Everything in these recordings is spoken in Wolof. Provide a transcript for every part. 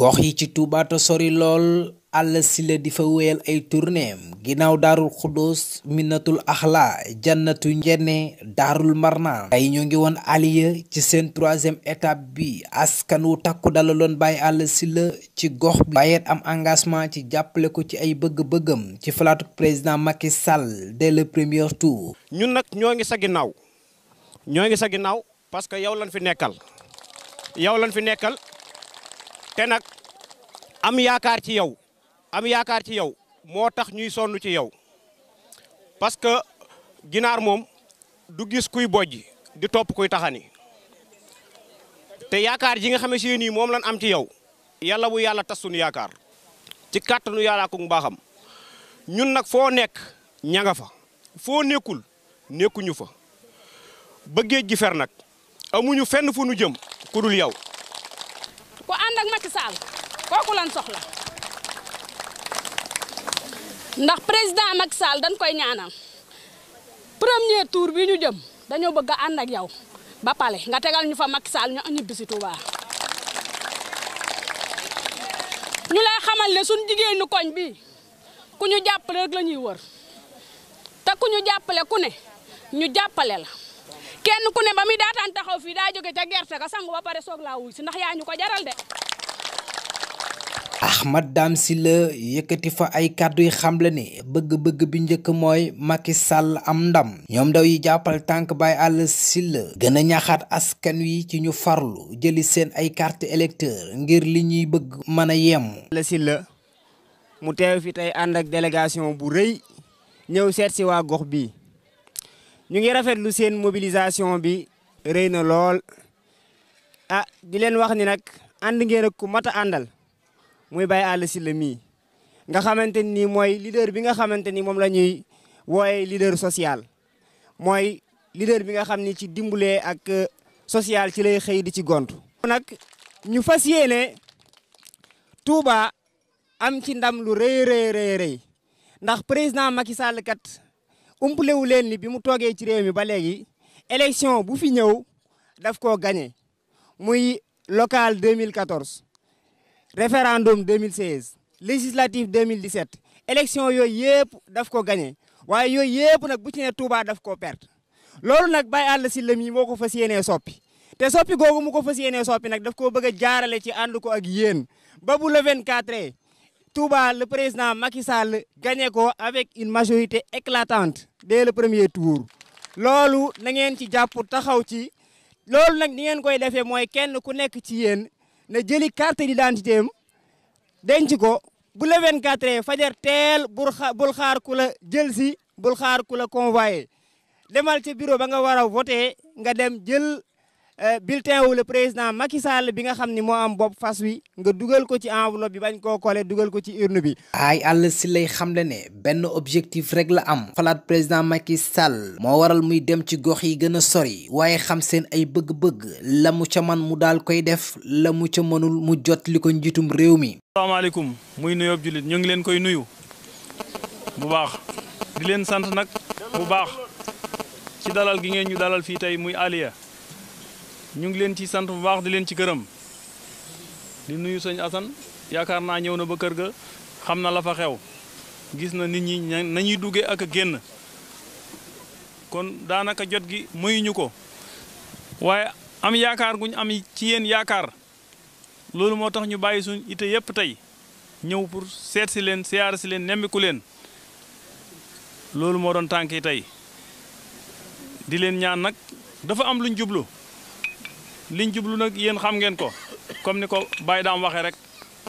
gox yi ci Touba te sori lool Alla Sylla di fa wéyal ay tournéem ginnaaw daarul xuddoos minatul axla jannatu njenne daarul marna tey ñoo ngi woon aliya ci seen troisième étape bi askan wu takku dalaloon bàyyi Alla Sylla ci gox bi bàyyeet am engagement ci jàppale ko ci ay bëgg-bëggam ci falaatu président Macky Sall dès le premier tour ñun nag ñoo ngi sa ginnaaw ñoo ngi sa parce que yow lañ fi nekkal yow lañ fi nekkal te nag am yaakaar ci yow am yaakaar ci yow moo tax ñuy sonn ci yow parce que ginaar moom du gis kuy bojj di topp kuy taxani te yaakaar ji nga xam si nii moom lan am ci yow yàlla wu yàlla tas sunu yaakaar ci kàttanu yàlla ak baaxam ñun nag foo nekk ña nga fa foo nekkul nekkuñu fa ba géej fer nag amuñu fenn fu nu jëm ku yow ak Macky Sall kooku lan soxla ndax président Macky Sall dañ koy ñaanal premier tour bi ñu jëm dañu bëgg and ak yow ba palé nga tégal ñu fa Macky Sall ñu ñibbi ci Touba ñu lay xamal ne suñ jigéenu koñ bi ku ñu jàppale rek lañuy wër ta ku ñu jappalé ku ne ñu jappalé la kenn ku ne ba daatan taxaw fi da joggé ca gerte ga sangu ba pare sok la wuy si ndax yañu ko jaral de Ahmad Dame Sylla yëkkati fa ay kàddu yi xamle ne bëgg-bëgg bi njëkk mooy Macky sàll am ndam ñoom ndaw yi jàppal tànk Baye Alla Sylla gën ñaxaat askan wi ci ñu farlu jëli seen ay carte électeur ngir li ñuy bëgg mën a yemm Alla Sylla mu teew fi tey ànd ak délégation bu rëy ñëw seet si waa gox bi ñu ngi rafetlu seen mobilisation bi rëy na lool ah di leen wax ni nag ànd ngeen ak ku mat a àndal muy le leader bi nga la leader social leader bi nga social président Macky Sall kat umplé wu ni bi local 2014 référendum 2016 législatif 2017 élection yoy yépp daf ko gagné waye yoy yépp nak bu ci né Touba daf ko perdre lolu nak bay Alla ci mii moo ko fas soppi té soppi gogou moko ko soppi nak daf ko bëgg jaaralé ci ànd ko ak yeen ba bu le 24 Touba le président Macky Sall gagné ko avec une majorité éclatante dès le premier tour lolu na ngeen ci jàpp taxaw ci lolu nak ni ngeen koy défé moy kenn ku nekk ci yeen na jëli carte d'identité am denc ko bu la 24 fajar teel bul xa bul xaar ku la jël si bul xaar ku la convoyé demal ca bureau ba nga war a voté nga dem jël Euh, bulletin wu le président Macky Sall bi nga xam ni moo am bopp fas wi nga dugal ko ci enveloppe bi bañ koo kole dugal ko ci urne bi. ay àll si lay xam xamle ne benn objectif rek la am. falaat président makis Sall. moo waral muy dem ci gox yi gën a yi waaye xam seen ay bëgg-bëgg. la mu ca man mu daal koy def la mu ca mënul mu jot li ko njiitum réew mi. asalaamaaleykum muy nuyoob jullit ñoo ngi leen koy nuyu bu baax di leen sant nag bu baax ci dalal gi ngeen ñu dalal fii tey muy Aliya. ñu ngi leen ci sant bu baax di leen ci gërëm di nuyu sëñ Assane yaakaar naa ñëw na ba kër ga xam na la fa xew gis na nit ñi nañuy duggee ak a génn kon daanaka jot gi mayuñu ko waaye am yaakaar guñ am ci yéen yaakaar loolu moo tax ñu bàyyi suñ ite yépp tey ñëw pour seet si leen siyaar si leen nemmiku leen loolu moo doon tànk tey di leen ñaan nag dafa am luñ jublu liñ jublu nag yéen xam ngeen ko comme ni ko bay Dame waxee rek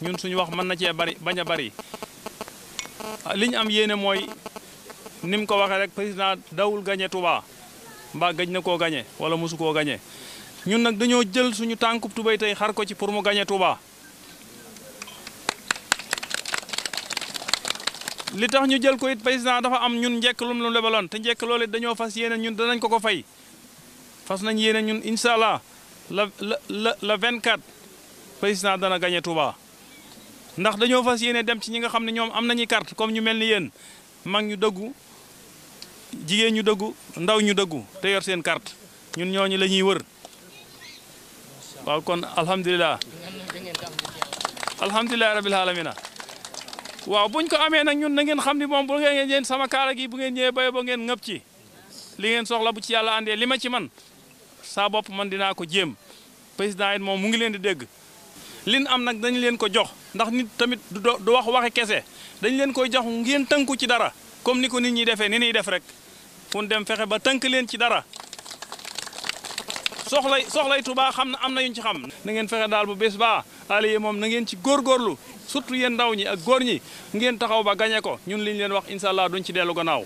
ñun suñu wax mën na cee bari bañ a bari ah, liñ am yéene mooy ni mu ko waxee rek président dawul gañe Touba mbaa gëj na koo gañe wala mosu koo gañe ñun nag dañoo jël suñu tànkub tubéy tey xar ko ci pour mu gañe Touba li tax ñu jël ko it président dafa am ñun njekk lum lu lebaloon te njekk loolu it dañoo fas yéene ñun danañ ko ko fay fas nañ yéene ñun incha allah le le 24 président dana gagné Touba ndax dañu fass yene dem ci ñinga xamni ñom ne ñoom am nañu carte comme ñu melni yeen mag ñu deggu jigeen ñu deggu ndaw ñu deggu te yor seen carte ñun ñooñu la wër waaw kon alhamdullilah alhamdullilah rabbil alamin waaw buñ ko amé nak ñun na ngeen xamni mom bu ngeen ñeen sama kala gi bu ngeen ñëwee bayo bo ngeen ngëp ci li ngeen soxla bu ci yalla andé lima ci man Sabab bop man dina ko jëm président yi mom mu ngi leen di dégg lin am nag dañ leen ko jox ndax nit tamit du wax waxe kese dañ leen koy jox ngeen tënku ci dara comme ni nit ñi défé ni ni def rek fu dem fexé ba tënk leen ci dara soxlay soxlay tuba xamna na am na yuñ ci xam na ngeen fexé dal bu bes ba ali yi na ngeen ci gorlu surtout yeen ndaw ñi ak gor ñi ngeen taxaw ba gagné ko ñun liñ leen wax inshallah allah duñ ci nau. gannaaw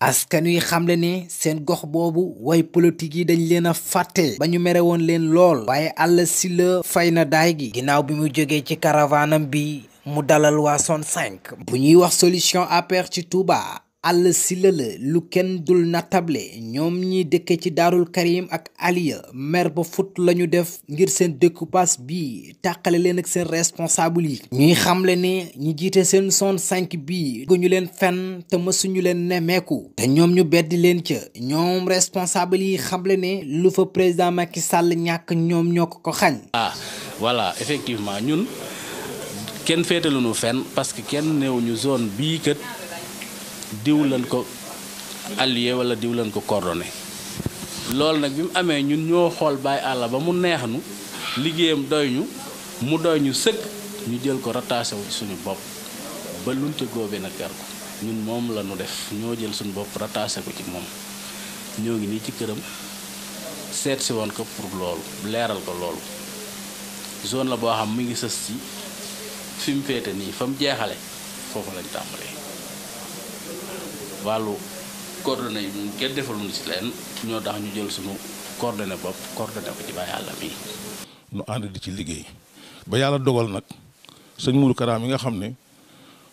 askan wi xamle ne seen gox boobu woy politique yi dañu leen a fàtte ba ñu mere woon leen lool waaye Alla Sylla fay na daay gi ginnaaw bi mu jógee ci caravanam bi mu dalal waa Zone 5 bu ñuy wax solution APR ci Touba Alle silla la lu kenn dul natable ñoom ñi dëkke ci Darul karim ak aliya mer ba fut lañu def ngir seen découpage bi takale len ak seen responsable yi ñuy xamle ne ñi jiite seen zone bi ñu len fenn te mësuñu leen nemmeeku te ñoom ñu beddi len ca ñoom responsable yi xamle ne lu fa président Macky Sall ñàkk ñoom ah voilà effectivement ñun kenn féetaluñu fenn parce que kenn néew ñu zone bi kët diw lañ ko allié wala diw lañ ko coordonné loolu nag bi mu amee ñun ñoo xool baay àll ba mu neex nu liggéeyam doy ñu mu doy ñu sëkk ñu jël ko rattaché wu ci suñu bopp ba luñ ca góobee nag yar ñun moom la def ñoo jël suñu bopp rattaché ko ci moom ñoo ngi nii ci këram seetsi si woon ko pour loolu leeral ko loolu zone la boo xam mu ngi sës ci fi mu féete nii fa mu jeexale foofu lañ tàmbalee. wàllu coordonnées yi ñun kenn defaluñu si leen ñoo tax ñu jël suñu coordonnées bopp coordonnées ko ci ànd di ci liggéey ba yàlla dogal nag sëñ Mourou Kara mi nga xam ne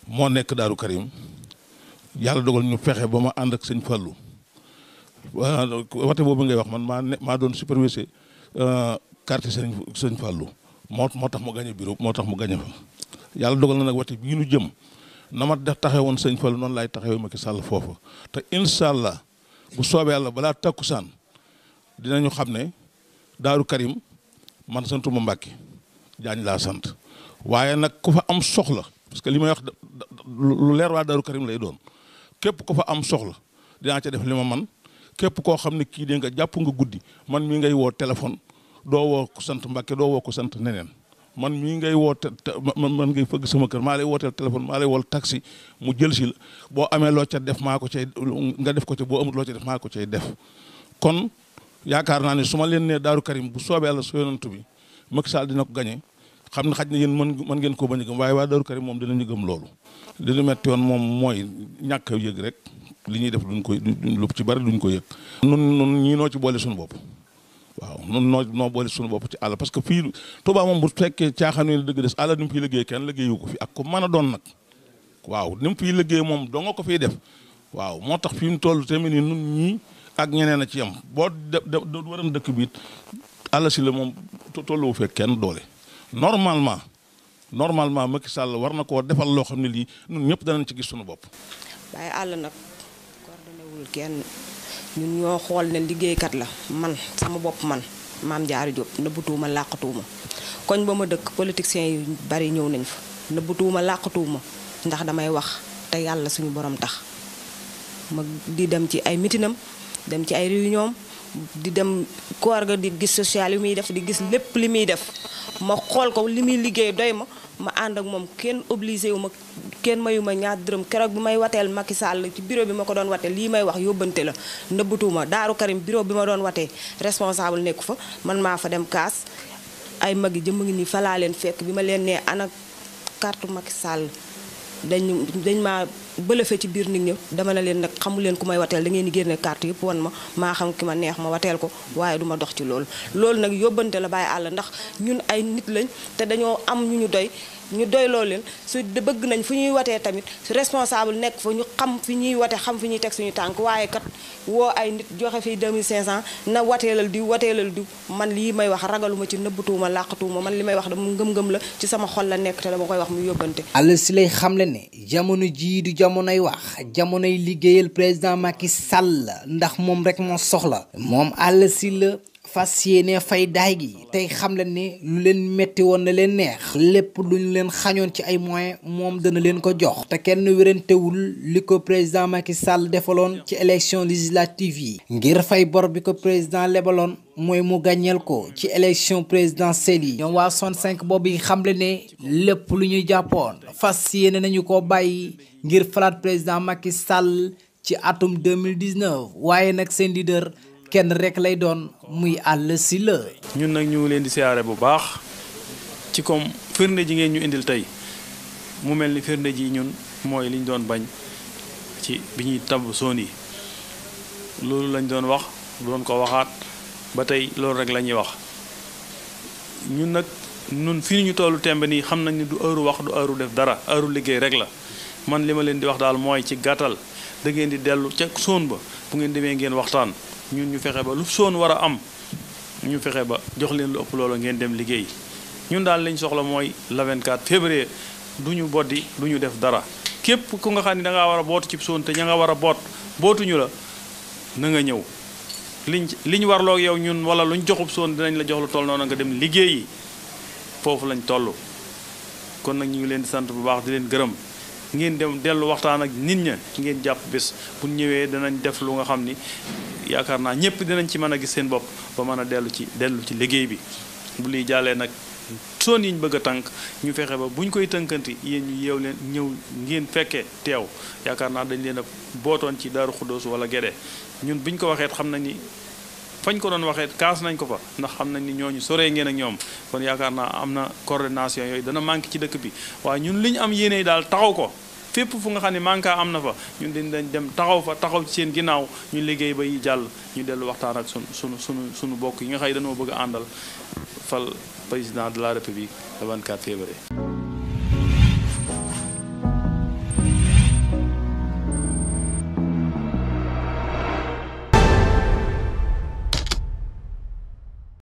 moo nekk Daaru Karim yàlla dogal ñu fexe ba ma ànd ak sëñ Fallou wate boobu ngay wax man maa ne maa doon supervisé euh, quartier sëñ sëñ Fallou moo moo tax mu gañe bureau moo tax mu gañe fa yàlla dogal na nag wate bii nu jëm na mat def taxe woon sëñ Fallu noonu laay ma Macky Sall foofu te incha bu soobee yàlla balaa takkusaan dinañu xam ne Daaru Karim man santuma Mbàkke jaañ laa sant waaye nag ku fa am soxla parce que li may wax lu leer waa Daaru Karim lay doon képp ku fa am soxla dinaa ca def li ma man képp koo xam ne kii de nga jàpp nga guddi man mii ngay woo téléphone doo woo ko sant Mbàkke doo woo ko sant neneen man mii ngay woote man ngay fëgg sama kër maa lay wooteel téléphone maa lay wol taxi mu jël si la boo amee loo ca def maa ko cay nga def ko ca boo amut loo ca def maa ko cay def kon yaakaar naa ne su ma leen nee Daaru Karim bu soobee yàlla su yonantu bi Macky Sall dina ko gañe xam na xaj na yéen mën mën ngeen koo bañ a gëm waaye waa Daaru Karim moom dinañu gëm loolu li ñu metti woon moom mooy ñàkk yëg rek li ñuy def duñ koy lu ci bari duñ ko yëg nun nun ñii ci boole suñu bopp waaw noonu noo noo boole suñu bopp ci àll parce que fii Touba moom bu fekkee caaxaan yi dëgg des àll ni mu fiy liggéey kenn liggéeyu ko fi ak ko mën a doon nag waaw ni mu fiy liggéey moom doo ko fiy def waaw moo tax fi mu toll tamit ni nun ñii ak ñeneen a ci yem boo de waram dëkk bi it àll si la moom tolluwu fekk kenn doole normalement normalement Macky Sall war na koo defal loo xam ne lii ñun ñëpp danañ ci gis suñu bopp. waaye àll ñun ñoo xool ne liggéeykat la man sama bopp man maam Diarra Diop nëbbatuuma làqatuuma koñ ba ma dëkk politiciens yu bari ñëw nañ fa nëbbatuuma làqatuuma ndax damay wax te yàlla suñu borom tax ma di dem ci ay mitinam dem ci ay réunion di dem koor ga di gis social yu muy def di gis lépp li muy def ma xool ko li muy liggéey doy ma ma ànd ak moom kenn obligé wu ma kenn mayuma ñaar dërëm keroog bi may wateel Macky Sall ci bureau bi ma ko doon watee lii may wax yóbbante la nëbbatuuma Daaru Karim bureau bi ma doon watee responsable nekku fa man maa fa dem kaas ay mag yi jëmm ngi nii falaa leen fekk bi ma leen nee ana carte Macky Sall dañu dañ maa bëlëfe ci biir nit ñi dama ne leen nag xamu leen ku may wateel da ngeen di génne carte yëpp wan ma maa xam ki ma neex ma wateel ko waaye duma dox ci loolu loolu nag yóbbante la bàyyi àll ndax ñun ay nit lañ te dañoo am ñu doy ñu doyloo leen su bëgg nañ fu ñuy watee tamit su responsable nekk fa ñu xam fi ñuy wate xam fi ñuy teg suñu tànk waaye kat woo ay nit joxe fii 2500 na wateelal di wateelal di man lii may wax ragaluma ci nëbbatuuma làqatuuma man li may wax dama ngëm-ngëm la ci sama xol la nekk te dama koy wax mu yóbbante Alla Sylla xamle ne jamono jii du jamonoy wax jamonoy liggéeyal président Macky Sall ndax moom rek moo soxla moom Alla Sylla fas yéene fay Daigi gi tey xam leen ni lu leen metti woon na leen neex lépp lu ñu leen xañoon ci ay moyens moom dana leen ko jox te kenn wérantewul li ko président Macky Sall defaloon ci élection législative yi ngir fay bor bi ko président lebaloon mooy mu gàññeel ko ci élection présidentielle yi ñoom waa 65 boobu yi xam le ne lépp lu ñu jàppoon fas yéene nañu ko bàyyi ngir falaat président Macky Sall ci atum 2019 waaye nag seen leader kenn rek lay doon muy Alla Sylla ñun nag ñu ngi leen di siyaare bu baax ci comme firnde ji ngeen ñu indil tey mu mel ni firnde ji ñun mooy liñ doon bañ ci bi ñuy tabb soon yi loolu lañ doon wax doon ko waxaat ba tey loolu rek lañuy wax ñun nag ñun fii ñu tollu tembe nii xam nañ ni du heure wax du heure def dara heure liggéey rek la man li ma leen di wax daal mooy ci gàttal da di dellu ca soon ba bu ngeen demee ngeen waxtaan ñun ñu fexe ba lu soon war a am ñu fexe ba jox leen lu ëpp loolu ngeen dem liggéey ñun daal lañ soxla mooy le 24 février du ñu boddi du ñu def dara képp ku nga xam ne danga war a bootu cib soon te ña nga war a boot bootuñu la na nga ñëw liñ liñ warloo yow ñun wala luñ joxub soon dinañ la jox lu toll noonu nga dem liggéeyi foofu lañ toll kon nag ñu ngi leen di sant bu baax di leen gërëm ngeen dem dellu waxtaan ak nit ña ngeen jàpp bés bu ñëwee danañ def lu nga xam ni yaakaar naa ñëpp dinañ ci mën a gis seen bopp ba mën a dellu ci dellu ci liggéey bi bu liy jàllee nag soon yiñ bëgg a tànk ñu fexe ba bu ñu koy tënkanti yéen ñu yeew leen ñëw ngeen fekkee teew yaakaar naa dañ leen a bootoon ci Daaru Xuddoos wala Gédé ñun bi ñu ko waxee xam nañ ni fañ ko doon waxee kaas nañ ko fa ndax xam nañ ni ñooñu soree ngeen ak ñoom kon yaakaar naa am na coordination yooyu dana manqué ci dëkk bi waaye ñun li ñu am yi daal taxaw ko fépp fu nga xam ne manqué am na fa ñun dañ dem taxaw fa taxaw ci seen ginnaaw ñu liggéey ba yi jàll ñu dellu waxtaan ak sunu sunu sunu sunu bokk yi nga xay ne dañoo bëgg àndal fal président de la république le 24 février